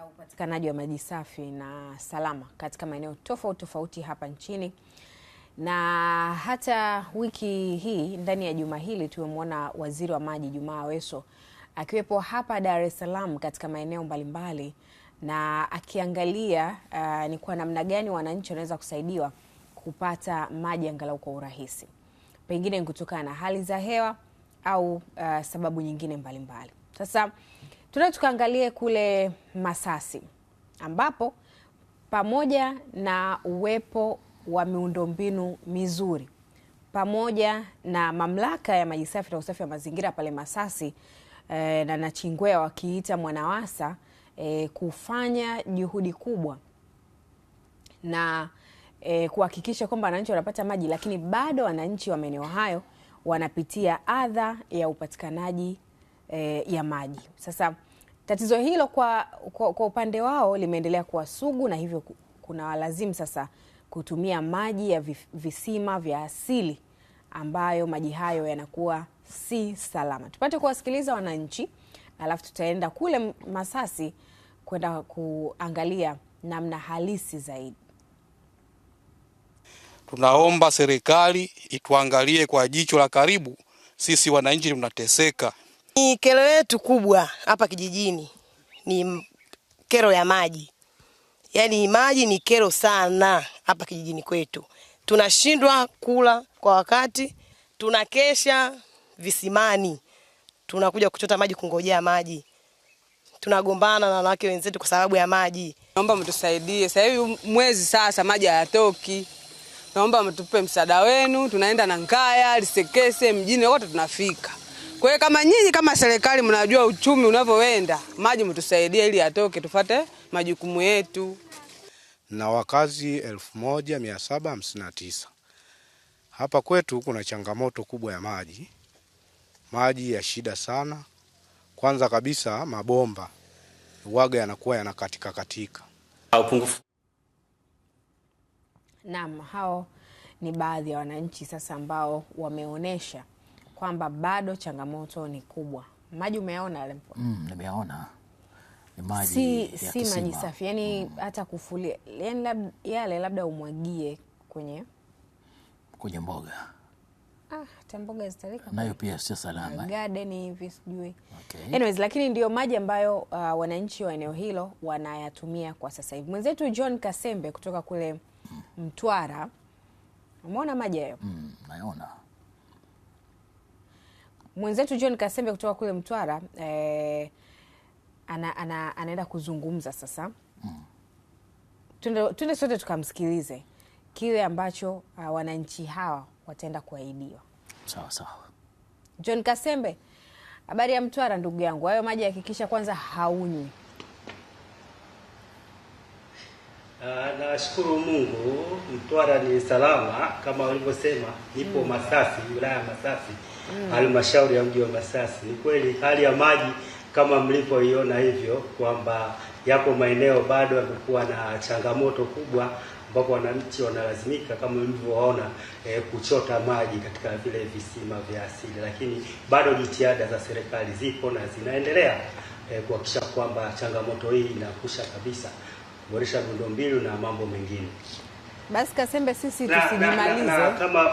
na upatikanaji wa maji safi na salama katika maeneo tofauti tofauti hapa nchini. Na hata wiki hii ndani ya juma hili tumemwona Waziri wa Maji Juma Aweso akiwepo hapa Dar es Salaam katika maeneo mbalimbali na akiangalia uh, ni kwa namna gani wananchi wanaweza kusaidiwa kupata maji angalau kwa urahisi, pengine kutokana na hali za hewa au uh, sababu nyingine mbalimbali mbali. Sasa Tunaenda tukaangalie kule Masasi ambapo pamoja na uwepo wa miundombinu mizuri pamoja na mamlaka ya maji safi na usafi wa mazingira pale Masasi eh, na Nachingwea wakiita Mwanawasa eh, kufanya juhudi kubwa na eh, kuhakikisha kwamba wananchi wanapata maji, lakini bado wananchi wa maeneo hayo wanapitia adha ya upatikanaji eh, ya maji. Sasa tatizo hilo kwa, kwa, kwa upande wao limeendelea kuwa sugu na hivyo kuna walazimu sasa kutumia maji ya visima vya asili ambayo maji hayo yanakuwa si salama. Tupate kuwasikiliza wananchi, alafu tutaenda kule Masasi kwenda kuangalia namna halisi zaidi. Tunaomba serikali ituangalie kwa jicho la karibu, sisi wananchi tunateseka. Ni kero yetu kubwa hapa kijijini ni kero ya maji, yaani maji ni kero sana hapa kijijini kwetu. Tunashindwa kula kwa wakati, tunakesha visimani, tunakuja kuchota maji, kungojea maji, tunagombana na wanawake wenzetu kwa sababu ya maji. Naomba mtusaidie, sasa hivi mwezi sasa maji hayatoki. Naomba mtupe msaada wenu, tunaenda na ngaya lisekese mjini wote tunafika kwa hiyo kama nyinyi kama serikali mnajua uchumi unavyoenda, maji mtusaidie ili atoke tufate majukumu yetu. Na wakazi 1759 hapa kwetu kuna changamoto kubwa ya maji, maji ya shida sana. Kwanza kabisa mabomba waga yanakuwa yanakatika katika. Naam, hao ni baadhi ya wananchi sasa ambao wameonesha kwamba bado changamoto ni kubwa. Maji umeona yale mpwani? Mm, nimeyaona. Maji si, si maji safi yani, mm. hata kufulia yani lab, yale labda umwagie kwenye kwenye mboga ah, hata ah, mboga zitalika nayo pia sio salama, garden hivi sijui. Okay. Anyways, lakini ndio maji ambayo uh, wananchi wa eneo hilo wanayatumia kwa sasa hivi. Mwenzetu John Kasembe kutoka kule mm. Mtwara, umeona maji hayo? Mm, naona mwenzetu John Kasembe kutoka kule Mtwara eh, ana, ana, anaenda kuzungumza sasa mm. Twende sote tukamsikilize kile ambacho uh, wananchi hawa wataenda kuahidiwa. sawasawa John Kasembe, habari ya Mtwara ndugu yangu, hayo maji hakikisha kwanza haunywi. Ah, nashukuru Mungu, Mtwara ni salama kama walivyosema nipo mm. Masasi, wilaya ya Masasi Mm. halmashauri ya mji wa Masasi. Ni kweli hali ya maji kama mlivyoiona hivyo kwamba yapo maeneo bado yamekuwa na changamoto kubwa ambapo wananchi wanalazimika kama mlivyoona e, kuchota maji katika vile visima vya asili, lakini bado jitihada za serikali zipo na zinaendelea e, kuhakikisha kwamba changamoto hii inakusha kabisa, kuboresha miundombinu na mambo mengine. Basi Kasembe, sisi tusijimalize kama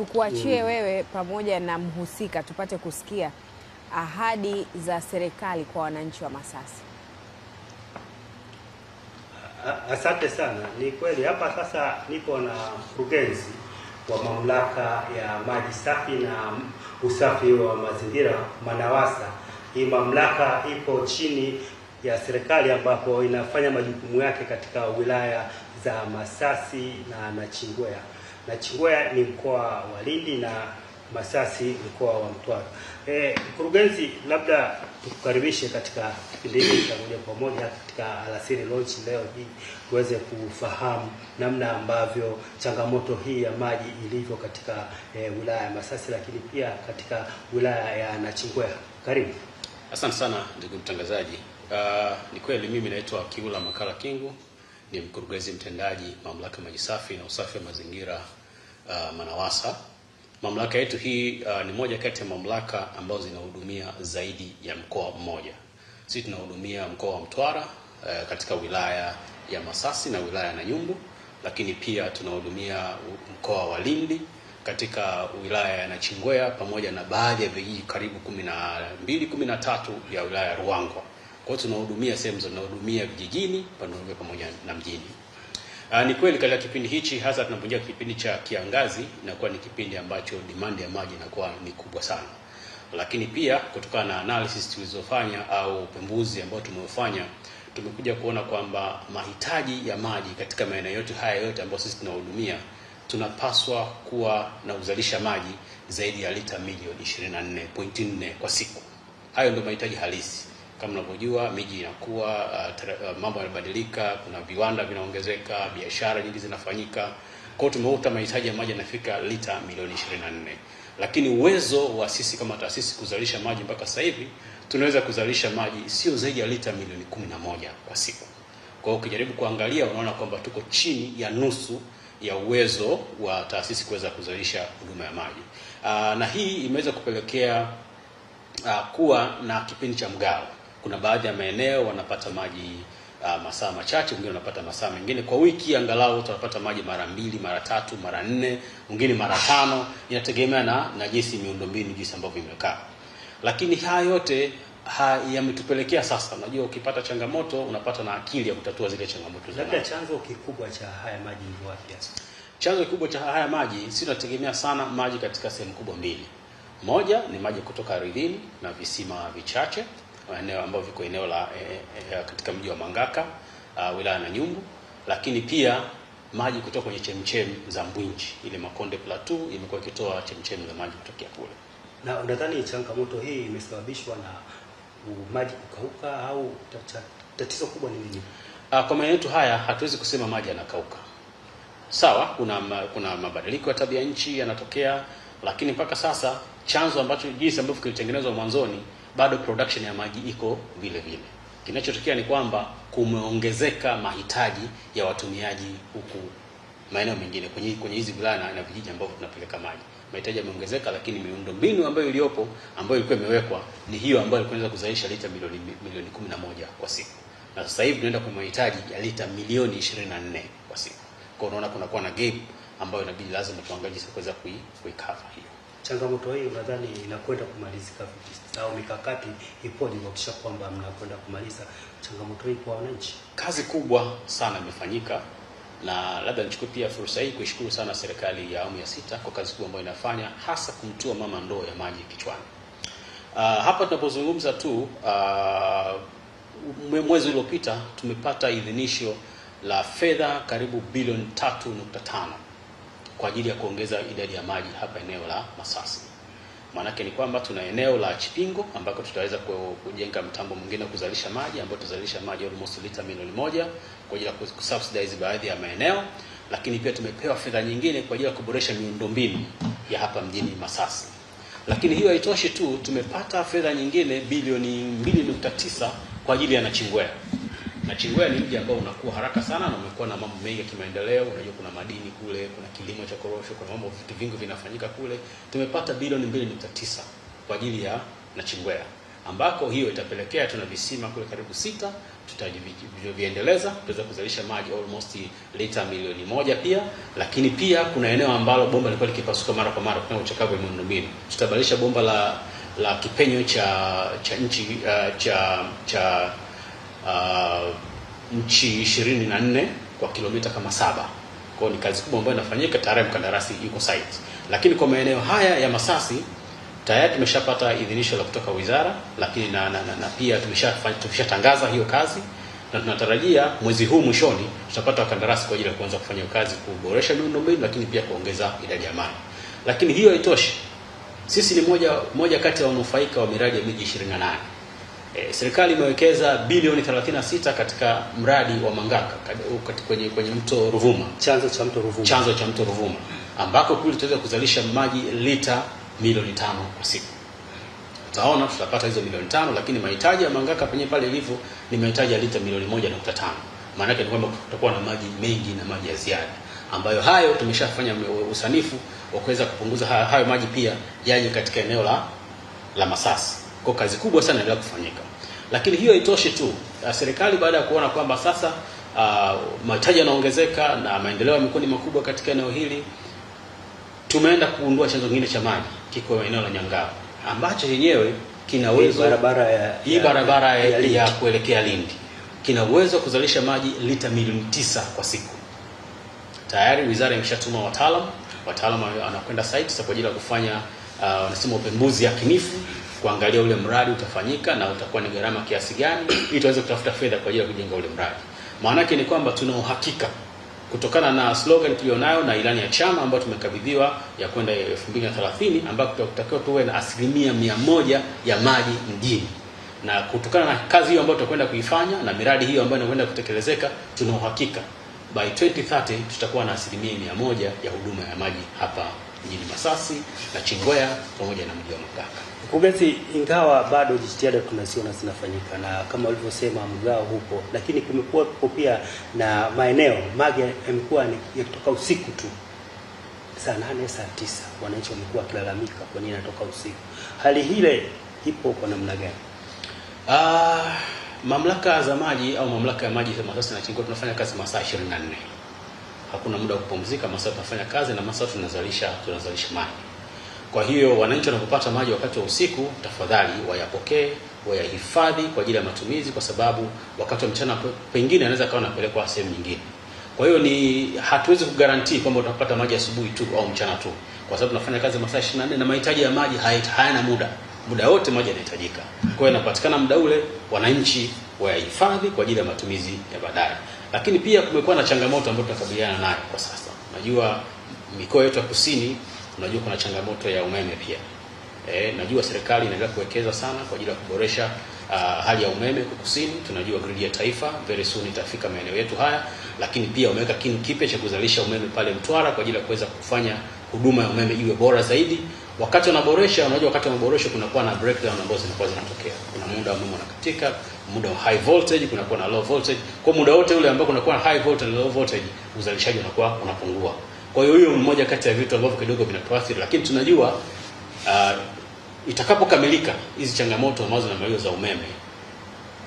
tukuachie mm. wewe pamoja na mhusika tupate kusikia ahadi za serikali kwa wananchi wa Masasi. Asante sana. Ni kweli hapa sasa niko na mkurugenzi wa mamlaka ya maji safi na usafi wa mazingira MANAWASA. Hii mamlaka ipo chini ya serikali ambapo inafanya majukumu yake katika wilaya za Masasi na Nachingwea na ni mkoa wa Lindi na Masasi mkoa wa Mtwara. Eh, mkurugenzi, labda tukukaribishe katika kipindi hiki cha moja kwa moja katika Alasiri Lounge leo hii tuweze kufahamu namna ambavyo changamoto hii ya maji ilivyo katika eh, wilaya ya Masasi lakini pia katika wilaya ya Nachingwea. Karibu. Asante sana ndugu mtangazaji. Uh, ni kweli mimi naitwa Kiula Makala Kingu ni mkurugenzi mtendaji mamlaka maji safi na usafi wa mazingira uh, MANAWASA. Mamlaka yetu hii uh, ni moja kati ya mamlaka ambazo zinahudumia zaidi ya mkoa mmoja. Sisi tunahudumia mkoa wa Mtwara uh, katika wilaya ya Masasi na wilaya ya Nanyumbu, lakini pia tunahudumia mkoa wa Lindi katika wilaya ya Nachingwea pamoja na baadhi ya vijiji karibu kumi na mbili kumi na tatu ya wilaya ya Ruangwa. Kwa hiyo tunahudumia sehemu zote, tunahudumia vijijini pamoja na mjini. Aa, ah, ni kweli katika kipindi hichi hasa tunapoingia kipindi cha kiangazi inakuwa ni kipindi ambacho demand ya maji inakuwa ni kubwa sana, lakini pia kutokana na analysis tulizofanya au upembuzi ambao tumeufanya tumekuja kuona kwamba mahitaji ya maji katika maeneo yote haya yote ambayo sisi tunahudumia tunapaswa kuwa na uzalisha maji zaidi ya lita milioni 24.4 kwa siku. Hayo ndio mahitaji halisi. Kama unavyojua miji inakuwa, uh, uh, mambo yanabadilika, kuna viwanda vinaongezeka, biashara nyingi zinafanyika. Kwa hiyo tumeuta mahitaji ya maji yanafika lita milioni 24, lakini uwezo wa sisi kama taasisi kuzalisha maji mpaka sasa hivi tunaweza kuzalisha maji sio zaidi ya lita milioni 11 kwa siku. Kwa hiyo ukijaribu kuangalia, unaona kwamba tuko chini ya nusu ya uwezo wa taasisi kuweza kuzalisha huduma ya maji. Uh, na hii imeweza kupelekea uh, kuwa na kipindi cha mgao kuna baadhi ya maeneo wanapata maji uh, masaa machache, wengine wanapata masaa mengine. Kwa wiki angalau utapata maji mara mbili, mara tatu, mara nne, mwingine mara tano, inategemea na na jinsi miundombinu jinsi ambavyo imekaa. Lakini haya yote ha, yametupelekea sasa, unajua ukipata changamoto unapata na akili ya kutatua zile changamoto. Labda chanzo kikubwa cha haya maji ni wapi hasa? Chanzo kikubwa cha haya maji, si tunategemea sana maji katika sehemu kubwa mbili. Moja ni maji kutoka ardhini na visima vichache eneo ambavyo viko eneo la e, e, katika mji wa Mangaka a, ah, wilaya na Nanyumbu, lakini pia maji kutoka kwenye chemchem za Mbwinji, ile Makonde Plateau imekuwa ikitoa chemchem za maji kutokea kule. Na unadhani changamoto hii imesababishwa na maji kukauka au tatizo kubwa ni nini? Ah, kwa maeneo yetu haya hatuwezi kusema maji yanakauka. Sawa, kuna kuna mabadiliko ya tabia nchi yanatokea, lakini mpaka sasa chanzo ambacho jinsi ambavyo kilitengenezwa mwanzoni bado production ya maji iko vile vile. Kinachotokea ni kwamba kumeongezeka mahitaji ya watumiaji huku maeneo mengine kwenye kwenye hizi wilaya na vijiji ambavyo tunapeleka maji, mahitaji yameongezeka, lakini miundombinu ambayo iliyopo ambayo ilikuwa imewekwa ni hiyo ambayo ilikuwa inaweza kuzalisha lita milioni milioni 11 kwa siku, na sasa hivi tunaenda kwa mahitaji ya lita milioni 24 kwa siku. Kwa unaona kuna kuwa na gap ambayo inabidi lazima tuangalie kuweza kuikava hiyo changamoto hii unadhani inakwenda kumalizika vipi, au mikakati ipoje kuhakikisha kwamba mnakwenda kumaliza changamoto hii kwa wananchi? Kazi kubwa sana imefanyika, na labda nichukue pia fursa hii kuishukuru sana serikali ya awamu ya sita kwa kazi kubwa ambayo inafanya, hasa kumtua mama ndoo ya maji kichwani. Uh, hapa tunapozungumza tu uh, mwezi uliopita tumepata idhinisho la fedha karibu bilioni 3.5 kwa ajili ya kuongeza idadi ya maji hapa eneo la Masasi. Maanake ni kwamba tuna eneo la Chipingo ambako tutaweza kujenga mtambo mwingine wa kuzalisha maji ambao tutazalisha maji almost lita milioni moja kwa ajili ya kusubsidize baadhi ya maeneo, lakini pia tumepewa fedha nyingine kwa ajili ya kuboresha miundombinu ya hapa mjini Masasi. Lakini hiyo haitoshi tu, tumepata fedha nyingine bilioni 2.9 kwa ajili ya Nachingwea na Chingwea ni mji ambao unakuwa haraka sana na umekuwa na mambo mengi ya kimaendeleo. Unajua kuna madini kule, kuna kilimo cha korosho, kuna mambo vitu vingi vinafanyika kule. Tumepata bilioni 2.9 kwa ajili ya Nachingwea ambako hiyo itapelekea tuna visima kule karibu sita tutaviendeleza tuweza kuzalisha maji almost lita milioni moja pia, lakini pia kuna eneo ambalo bomba lilikuwa likipasuka mara kwa mara kwa uchakavu wa miundombinu, tutabadilisha bomba la la kipenyo cha cha nchi uh, cha cha uh, nchi ishirini na nne kwa kilomita kama saba. Kwa ni kazi kubwa ambayo inafanyika, tayari mkandarasi yuko site. Lakini kwa maeneo haya ya Masasi tayari tumeshapata idhinisho la kutoka wizara, lakini na, na, na, na pia tumeshatangaza hiyo kazi na tunatarajia mwezi huu mwishoni tutapata wakandarasi kwa ajili ya kuanza kufanya kazi, kuboresha miundombinu, lakini pia kuongeza idadi ya mali. Lakini hiyo haitoshi, sisi ni moja moja kati ya wanufaika wa miradi ya miji 28 E, serikali imewekeza bilioni 36 katika mradi wa Mangaka kwenye, kwenye mto Ruvuma, chanzo cha mto Ruvuma, chanzo cha mto Ruvuma ambako kule tutaweza kuzalisha maji lita milioni tano kwa siku. Utaona tutapata hizo milioni tano, lakini mahitaji ya Mangaka penyewe pale ilivyo ni mahitaji ya lita milioni moja nukta tano. Maana yake ni kwamba tutakuwa na maji mengi na maji ya ziada ambayo hayo tumeshafanya usanifu wa kuweza kupunguza hayo maji pia yaje katika eneo la la Masasi kwa kazi kubwa sana inaendelea kufanyika, lakini hiyo haitoshi tu. Ah, serikali baada ya kuona kwamba sasa uh, mahitaji yanaongezeka na maendeleo yamekuwa ni makubwa katika eneo hili, tumeenda kugundua chanzo kingine cha maji kiko eneo la Nyangao ambacho yenyewe kina uwezo barabara ya hii barabara ya, ya, ya, ya kuelekea Lindi kina uwezo wa kuzalisha maji lita milioni tisa kwa siku. Tayari wizara imeshatuma wataalamu, wataalamu wanakwenda site sasa kwa ajili ya kufanya uh, wanasema upembuzi yakinifu kuangalia ule mradi utafanyika na utakuwa ni gharama kiasi gani, ili tuweze kutafuta fedha kwa ajili ya kujenga ule mradi. Maana yake ni kwamba tuna uhakika kutokana na slogan tulionayo na ilani ya chama ambayo tumekabidhiwa ya kwenda 2030 ambapo tutakiwa tuwe na asilimia mia moja ya maji mjini, na kutokana na kazi hiyo ambayo tutakwenda kuifanya na miradi hiyo ambayo inakwenda kutekelezeka, tuna uhakika by 2030 tutakuwa na asilimia mia moja ya huduma ya maji hapa mjini Masasi na Chingwea pamoja na mji wa Mkaka. Mkurugenzi, ingawa bado jitihada tunaziona zinafanyika na kama ulivyosema mgao hupo, lakini kumekuwa pia na maeneo mage yamekuwa yakitoka usiku tu saa nane saa tisa, wananchi wamekuwa wakilalamika kwa nini natoka usiku. Hali hile ipo kwa namna gani? Ah, mamlaka za maji au mamlaka ya maji Masasi na Chingwea tunafanya kazi masaa 24 hakuna muda wa kupumzika, masaa tunafanya kazi na masaa tunazalisha tunazalisha maji. Kwa hiyo wananchi wanapopata maji wakati wa usiku, tafadhali wayapokee, wayahifadhi kwa ajili ya matumizi, kwa sababu wakati wa mchana pengine anaweza kawa anapelekwa sehemu nyingine. Kwa hiyo ni hatuwezi kugaranti kwamba utapata maji asubuhi tu au mchana tu, kwa sababu tunafanya kazi masaa 24 na mahitaji ya maji hayana muda muda wote maji yanahitajika. Kwa hiyo yanapatikana muda ule, wananchi wayahifadhi kwa ajili ya matumizi ya baadaye. Lakini pia kumekuwa na changamoto ambayo tunakabiliana nayo kwa sasa. Najua mikoa yetu ya kusini, unajua kuna changamoto ya umeme pia. E, najua serikali inaendelea kuwekeza sana kwa ajili ya kuboresha uh, hali ya umeme kwa kusini. Tunajua gridi ya taifa very soon itafika maeneo yetu haya, lakini pia wameweka kinu kipya cha kuzalisha umeme pale Mtwara kwa ajili ya kuweza kufanya huduma ya umeme iwe bora zaidi. Wakati wanaboresha, unajua, wakati wa maboresho kunakuwa na breakdown ambazo zinakuwa zinatokea. Kuna muda umeme unakatika, muda wa high voltage, kunakuwa na low voltage. Kwa muda wote ule ambao kunakuwa na high voltage na low voltage, uzalishaji unakuwa unapungua. Kwa hiyo hiyo mmoja kati ya vitu ambavyo kidogo vinatuathiri, lakini tunajua uh, itakapokamilika hizi changamoto ambazo na za umeme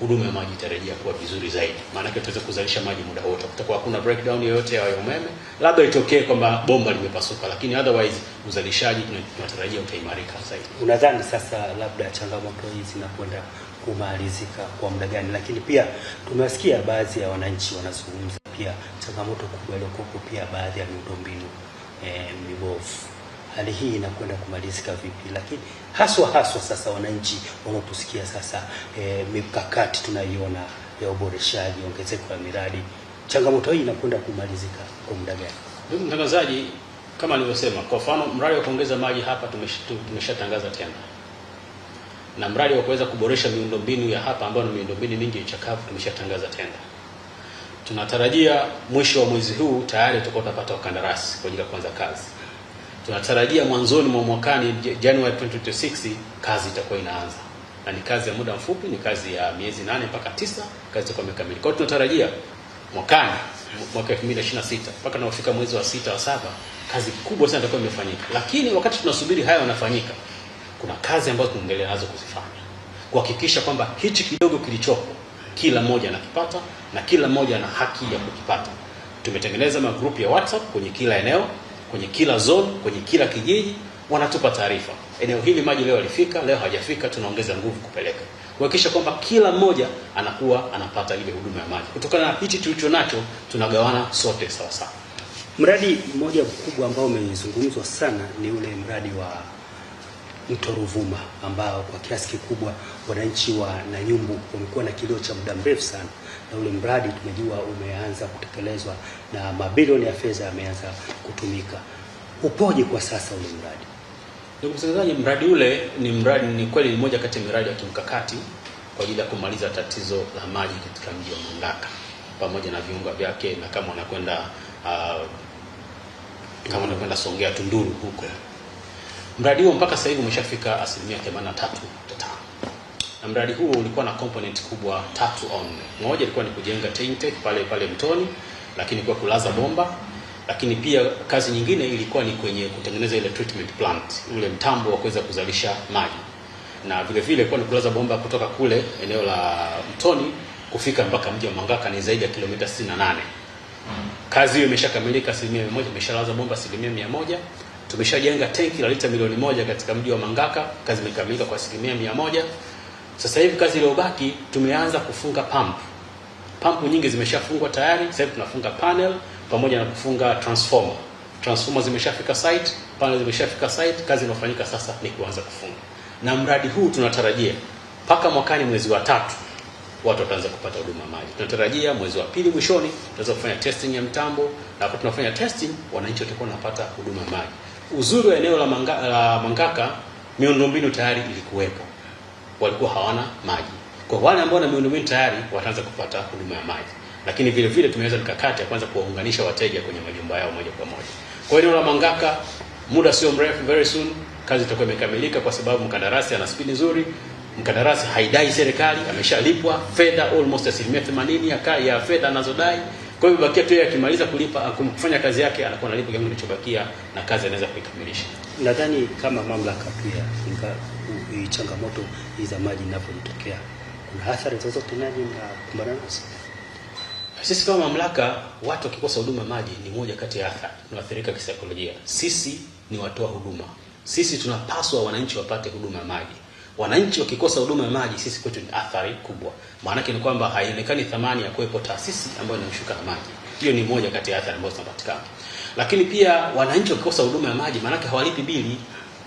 huduma ya maji itarejea kuwa vizuri zaidi, maanake tutaweza kuzalisha maji muda wote, kutakuwa hakuna breakdown yoyote ya umeme, labda itokee kwamba bomba limepasuka, lakini otherwise uzalishaji tunatarajia utaimarika zaidi. Unadhani sasa labda changamoto hizi zinakwenda kumalizika kwa muda gani? Lakini pia tumewasikia baadhi ya wananchi wanazungumza pia changamoto kubwa iliyokuwepo pia baadhi ya miundombinu eh, mibovu hali hii inakwenda kumalizika vipi, lakini haswa haswa sasa wananchi wanaposikia sasa e, mikakati tunaiona ya uboreshaji, ongezeko la miradi, changamoto hii inakwenda kumalizika kwa muda gani? Ndugu mtangazaji, kama nilivyosema, kwa mfano mradi wa kuongeza maji hapa tumeshatangaza tenda na mradi wa kuweza kuboresha miundombinu ya hapa ambayo ni miundombinu mingi ichakavu tumeshatangaza tenda. Tunatarajia mwisho wa mwezi huu tayari tutakuwa tunapata wakandarasi kwa ajili ya kuanza kazi tunatarajia mwanzoni mwa mwakani January 2026 kazi itakuwa inaanza, na ni kazi ya muda mfupi, ni kazi ya miezi nane mpaka tisa, kazi itakuwa imekamilika. Kwa hiyo tunatarajia mwakani, mwaka 2026 mpaka tunafika mwezi wa sita wa saba, kazi kubwa sana itakuwa imefanyika. Lakini wakati tunasubiri haya yanafanyika, kuna kazi ambazo tunaendelea nazo kuzifanya, kuhakikisha kwamba hichi kidogo kilichopo kila mmoja anakipata na kila mmoja ana haki ya kukipata. Tumetengeneza magrupu ya WhatsApp kwenye kila eneo kwenye kila zone, kwenye kila kijiji, wanatupa taarifa, eneo hili maji leo yalifika, leo hajafika, tunaongeza nguvu kupeleka, kuhakikisha kwamba kila mmoja anakuwa anapata ile huduma ya maji. Kutokana na hichi tulicho nacho, tunagawana sote sawa sawa. Mradi mmoja mkubwa ambao umezungumzwa sana ni ule mradi wa mto Ruvuma ambao kwa kiasi kikubwa wananchi wa Nanyumbu wamekuwa na kilio cha muda mrefu sana, na ule mradi tumejua umeanza kutekelezwa na mabilioni ya fedha yameanza kutumika. Upoje kwa sasa ule mradi? Ndugu msikilizaji, mradi ule ni mradi ni kweli ni moja kati ya miradi ya kimkakati kwa ajili ya kumaliza tatizo la maji katika mji wa Mandaka pamoja na viunga vyake, na kama wanakwenda uh, kama wanakwenda Songea Tunduru huko Mradi huo mpaka sasa hivi umeshafika asilimia 83.5 na mradi huo ulikuwa na component kubwa tatu au nne. Moja ilikuwa ni kujenga tank Teintech pale pale Mtoni, lakini kwa kulaza bomba, lakini pia kazi nyingine ilikuwa ni kwenye kutengeneza ile treatment plant, ule mtambo wa kuweza kuzalisha maji, na vile vile ilikuwa ni kulaza bomba kutoka kule eneo la Mtoni kufika mpaka mji wa Mangaka ni zaidi ya kilomita 68. Kazi hiyo imeshakamilika asilimia mia imeshalaza bomba asilimia mia Tumeshajenga tenki la lita milioni moja katika mji wa Mangaka, kazi imekamilika kwa asilimia mia moja. Sasa hivi kazi iliyobaki tumeanza kufunga pump. Pump nyingi zimeshafungwa tayari, sasa hivi tunafunga panel pamoja na kufunga transformer. Transformer zimeshafika site, panel zimeshafika site, kazi inayofanyika sasa ni kuanza kufunga. Na mradi huu tunatarajia mpaka mwakani mwezi wa tatu watu wataanza kupata huduma maji. Tunatarajia mwezi wa pili mwishoni tutaweza kufanya testing ya mtambo, na hapo tunafanya testing, wananchi watakuwa wanapata huduma maji. Uzuri wa eneo la, manga, la Mangaka, miundombinu tayari ilikuwepo, walikuwa hawana maji. Kwa wale ambao na miundombinu tayari wataanza kupata huduma ya maji, lakini vile vile tumeweza mikakati ya kwanza kuwaunganisha wateja kwenye majumba yao moja kwa moja. Kwa eneo la Mangaka, muda sio mrefu, very soon kazi itakuwa imekamilika, kwa sababu mkandarasi ana speed nzuri. Mkandarasi haidai serikali, ameshalipwa fedha almost asilimia themanini ya, ya fedha anazodai. Kwa hiyo bakia tu yeye akimaliza kulipa kufanya kazi yake anakuwa analipa kile kilichobakia na kazi anaweza kuikamilisha. Nadhani kama mamlaka pia inga changamoto hii za maji inapotokea kuna athari zozote nani na nazo. Sisi kama mamlaka, watu wakikosa huduma maji ni moja kati ya athari, tunaathirika kisaikolojia. Sisi ni watoa huduma, sisi tunapaswa wananchi wapate huduma ya maji. Wananchi wakikosa huduma ya maji, sisi kwetu ni athari kubwa. Maanake ni kwamba haionekani thamani ya kuwepo taasisi ambayo inamshuka na maji. Hiyo ni moja kati ya athari ambazo zinapatikana. Lakini pia wananchi wakikosa huduma ya maji, maanake hawalipi bili.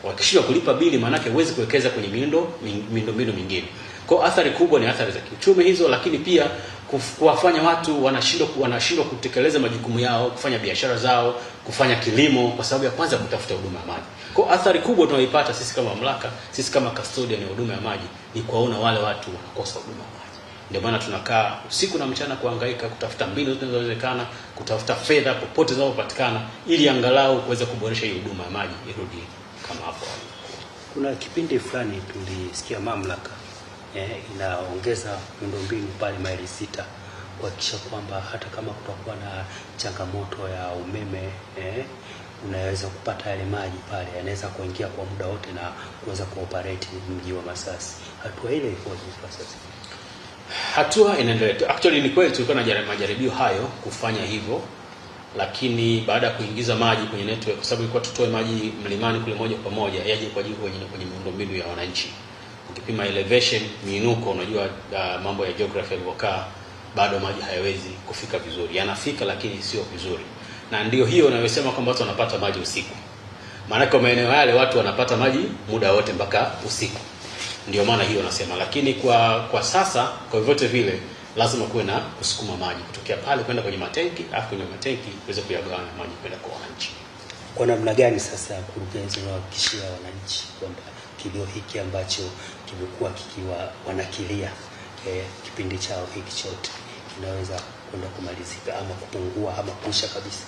Wakishindwa kulipa bili, maanake huwezi kuwekeza kwenye miundo miundombinu mingine. Kwa athari kubwa ni athari za kiuchumi hizo, lakini pia kuwafanya watu wanashindwa wanashindwa kutekeleza majukumu yao, kufanya biashara zao, kufanya kilimo, kwa sababu ya kwanza kutafuta huduma ya maji. Kwa athari kubwa tunaoipata sisi kama mamlaka, sisi kama custodian ya huduma ya maji ni kuwaona wale watu wanakosa huduma ya maji. Ndio maana tunakaa usiku na mchana kuhangaika kutafuta mbinu zinazowezekana, kutafuta fedha popote zinazopatikana, ili angalau kuweza kuboresha hii huduma ya maji irudi kama hapo. Kuna kipindi fulani tulisikia mamlaka eh, inaongeza miundombinu pale maili sita kuhakikisha kwamba hata kama kutakuwa na changamoto ya umeme eh, unaweza kupata yale maji pale yanaweza kuingia kwa muda wote na kuweza kuoperate mji wa Masasi. Hatua ile ikoje kwa sasa? Hatua inaendelea. Actually ni kweli tulikuwa na majaribio hayo kufanya hivyo, lakini baada ya kuingiza maji kwenye network, kwa sababu ilikuwa tutoe maji mlimani kule moja kwa moja yaje kwa ajili kwenye miundombinu ya wananchi ukipima elevation miinuko, unajua uh, mambo ya geography yalivyokaa, bado maji hayawezi kufika vizuri, yanafika lakini sio vizuri, na ndio hiyo unayosema kwamba watu wanapata maji usiku. Maanake maeneo yale watu wanapata maji muda wote mpaka usiku, ndio maana hiyo nasema. Lakini kwa kwa sasa, kwa vyovyote vile, lazima kuwe na kusukuma maji kutokea pale kwenda kwenye matenki, alafu kwenye matenki uweze kuyagawana maji kwenda kwa wananchi. Kwa namna gani sasa, mkurugenzi, unahakikishia wananchi kwamba kilio hiki ambacho kimekuwa kikiwa wanakilia eh, kipindi chao hiki chote kinaweza kwenda kumalizika ama kupungua ama kuisha kabisa.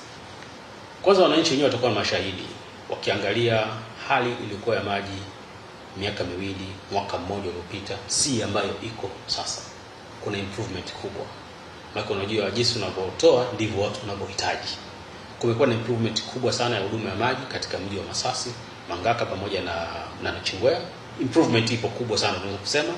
Kwanza wananchi wenyewe watakuwa mashahidi wakiangalia hali ilikuwa ya maji miaka miwili, mwaka mmoja uliopita, si ambayo iko sasa. Kuna improvement kubwa, maana unajua jinsi unavyotoa ndivyo watu wanavyohitaji. Kumekuwa na improvement kubwa sana ya huduma ya maji katika mji wa Masasi, Mangaka pamoja na, na Nachingwea improvement ipo kubwa sana tunaweza kusema,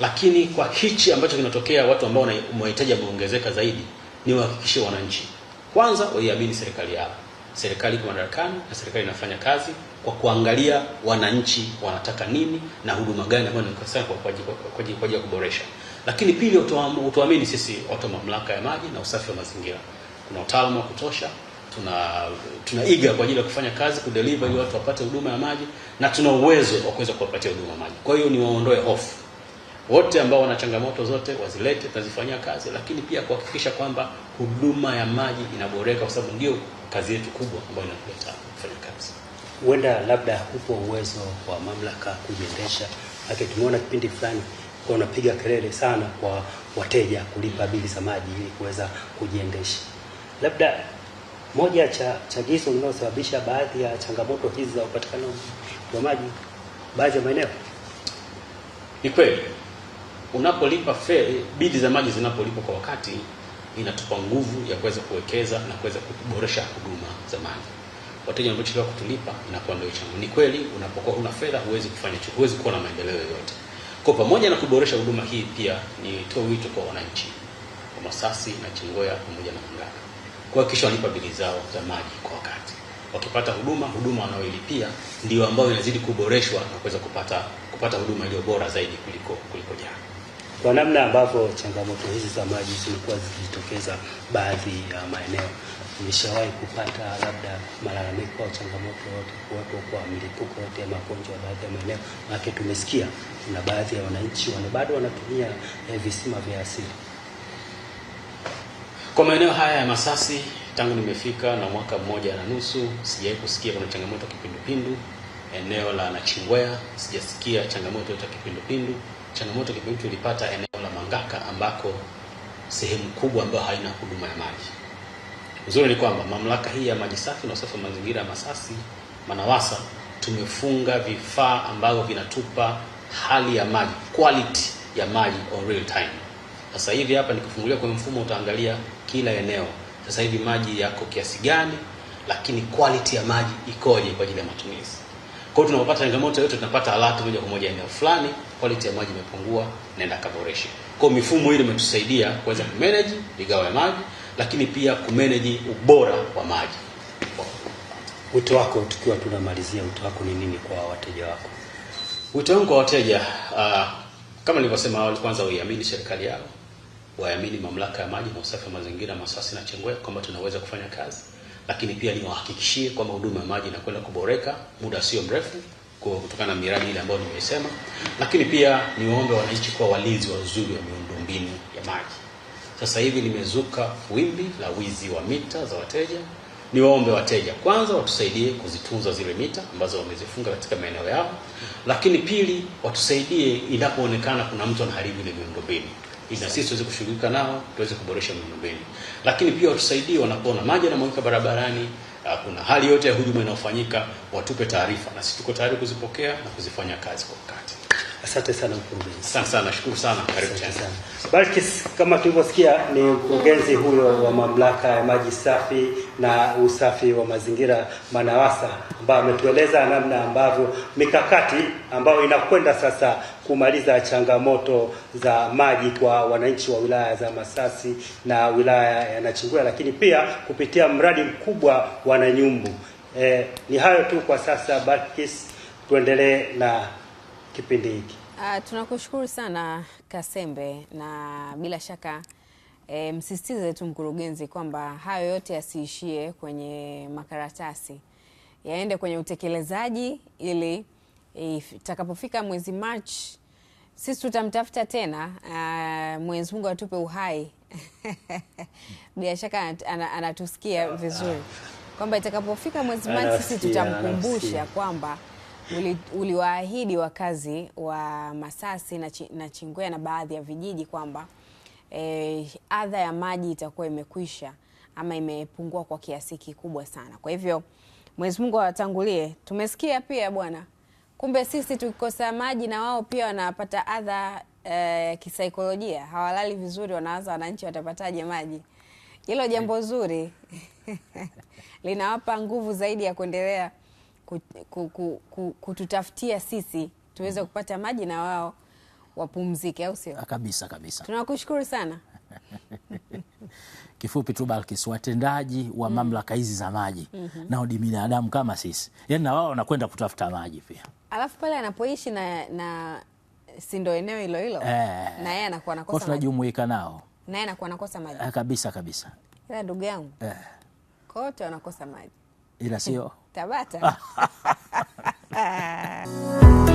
lakini kwa hichi ambacho kinatokea, watu ambao mahitaji yameongezeka zaidi, ni wahakikishe wananchi kwanza waiamini serikali yao. Serikali iko madarakani na serikali inafanya kazi kwa kuangalia wananchi wanataka nini na huduma gani ambayo ni kwa ajili ya kuboresha. Lakini pili, utuamini sisi watu wa mamlaka ya maji na usafi wa mazingira, kuna utaalamu wa kutosha tuna tunaiga kwa ajili ya kufanya kazi kudeliver ili watu wapate huduma ya maji na tuna uwezo wa kuweza kuwapatia huduma ya maji. Kwa hiyo ni waondoe hofu wote ambao wana changamoto zote wazilete, tazifanyia kazi, lakini pia kuhakikisha kwamba huduma ya maji inaboreka, kwa sababu ndio kazi yetu kubwa ambayo inatuleta kufanya kazi. Huenda labda hupo uwezo wa mamlaka kujiendesha, lakini tumeona kipindi fulani kwa unapiga kelele sana kwa wateja kulipa bili za maji ili kuweza kujiendesha, labda moja cha chagizo linalosababisha baadhi ya changamoto hizi za upatikanaji wa maji baadhi ya maeneo ni kweli, unapolipa bili za maji zinapolipwa kwa wakati, inatupa nguvu ya kuweza kuwekeza na kuweza kuboresha huduma za maji. Wateja wanapochelewa kutulipa inakuwa ndio changamoto. Ni kweli, unapokuwa una fedha huwezi kufanya chochote, huwezi kuwa na maendeleo yoyote. Kwa pamoja na kuboresha huduma hii, pia nitoe wito kwa wananchi wa Masasi na Chingoya pamoja na Mangara kwa kisha bili zao za maji kwa wakati, wakipata huduma huduma wanaoilipia ndio ambayo inazidi kuboreshwa na kuweza kupata kupata huduma iliyo bora zaidi kuliko kuliko jana. Kwa namna ambavyo changamoto hizi za maji zimekuwa zikijitokeza baadhi ya maeneo, nimeshawahi kupata labda malalamiko au changamoto yote kuwepo kwa milipuko yote ya magonjwa baadhi ya maeneo? Maana tumesikia kuna baadhi ya wananchi wana bado wanatumia eh, visima vya asili kwa maeneo haya ya Masasi tangu nimefika na mwaka mmoja na nusu, sijawahi kusikia kuna changamoto ya kipindupindu. Eneo la Nachingwea sijasikia changamoto ya kipindupindu. Changamoto kipindupindu ilipata eneo la Mangaka, ambako sehemu kubwa ambayo haina huduma ya maji. Uzuri ni kwamba mamlaka hii ya maji safi na usafi wa mazingira ya Masasi, MANAWASA, tumefunga vifaa ambavyo vinatupa hali ya maji, quality ya maji on real time sasa hivi hapa nikifungulia kwenye mfumo utaangalia kila eneo, sasa hivi maji yako kiasi gani, lakini quality ya maji ikoje kwa ajili ya matumizi. Kwa hiyo tunapopata changamoto yote tunapata alert moja kwa moja eneo fulani, quality ya maji imepungua, naenda kaboreshe. Kwa hiyo mifumo hii imetusaidia kuweza kumanage migao ya maji, lakini pia kumanage ubora wa maji. Wito wako, tukiwa tunamalizia, wito wako ni nini kwa wateja wako? Wito wangu kwa wateja uh, kama nilivyosema awali, kwanza uiamini serikali yao waamini mamlaka ya maji na usafi wa mazingira Masasi na Chengwe kwamba tunaweza kufanya kazi, lakini pia niwahakikishie kwamba huduma ya maji inakwenda kuboreka muda sio mrefu kwa kutokana na miradi ile ambayo nimesema, lakini pia niwaombe wananchi kuwa walinzi wazuri wa miundombinu ya maji. Sasa hivi limezuka wimbi la wizi wa mita za wateja. Niwaombe wateja kwanza watusaidie kuzitunza zile mita ambazo wamezifunga katika maeneo yao, lakini pili watusaidie inapoonekana kuna mtu anaharibu ile miundombinu ili na sisi tuweze kushughulika nao, tuweze kuboresha miundombinu. Lakini pia watusaidie wanapoona maji yanamwagika barabarani, ah, kuna hali yote ya hujuma inayofanyika, watupe taarifa, na sisi tuko tayari kuzipokea na kuzifanya kazi kwa wakati. Asante sana mkurugenzi. Asante sana, shukuru sana. Karibu sana. Balkis, kama tulivyosikia ni mkurugenzi huyo wa mamlaka ya maji safi na usafi wa mazingira Manawasa, ambaye ametueleza namna ambavyo mikakati ambayo inakwenda sasa kumaliza changamoto za maji kwa wananchi wa wilaya za Masasi na wilaya ya Nachingwea, lakini pia kupitia mradi mkubwa wa Nanyumbu. Eh, ni hayo tu kwa sasa Balkis, tuendelee na kipindi hiki. Uh, tunakushukuru sana Kasembe, na bila shaka e, msisitize tu mkurugenzi kwamba hayo yote yasiishie kwenye makaratasi, yaende kwenye utekelezaji ili itakapofika e, mwezi Machi sisi tutamtafuta tena. Uh, Mwenyezi Mungu atupe uhai bila shaka anatusikia vizuri kwamba itakapofika mwezi Machi sisi tutamkumbusha kwamba uliwaahidi wakazi wa Masasi na, chi, na Chingwea na baadhi ya vijiji kwamba eh, adha ya maji itakuwa imekwisha ama imepungua kwa kiasi kikubwa sana. Kwa hivyo Mwenyezi Mungu awatangulie. Tumesikia pia bwana, kumbe sisi tukikosa maji na wao pia wanapata adha eh, kisaikolojia, hawalali vizuri, wanawaza wananchi watapataje maji. Hilo jambo zuri linawapa nguvu zaidi ya kuendelea kututafutia sisi tuweze mm-hmm. kupata maji na wao wapumzike, au sio? Ah, kabisa kabisa, tunakushukuru sana. Kifupi tu Balkis, watendaji wa mm. mamlaka hizi za maji mm -hmm. nao ni binadamu kama sisi, yaani na wao wanakwenda kutafuta maji pia, alafu pale anapoishi na, na si ndo eneo hilo hilo eh, na yeye anakuwa anakosa maji, tunajumuika nao na yeye anakuwa anakosa maji eh, kabisa kabisa, ila ndugu yangu eh, kote wanakosa maji ila sio تباتا